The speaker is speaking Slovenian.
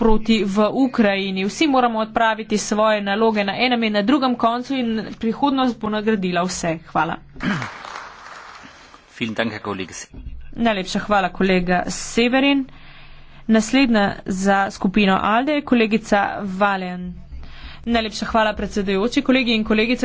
proti v Ukrajini. Vsi moramo odpraviti svoje naloge na enem in na drugem koncu in prihodnost bo nagradila vse. Hvala. Najlepša hvala, kolega Severin. Naslednja za skupino Alde je kolegica Valen. Najlepša hvala, predsedujoči, kolegi in kolegice.